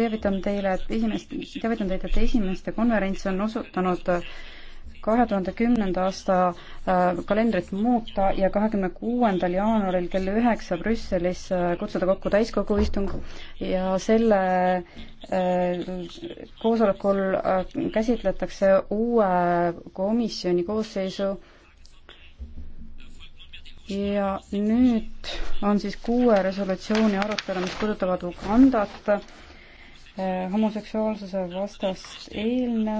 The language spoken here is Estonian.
teavitan teile, et esimest, teavitan teid, et esimeste konverents on osutanud kahe tuhande kümnenda aasta äh, kalendrit muuta ja kahekümne kuuendal jaanuaril kell üheksa Brüsselis äh, kutsuda kokku täiskogu istung ja selle äh, koosolekul käsitletakse uue komisjoni koosseisu ja nüüd on siis kuue resolutsiooni arutelu, mis puudutavad Ugandat homoseksuaalsuse vastast eelnõu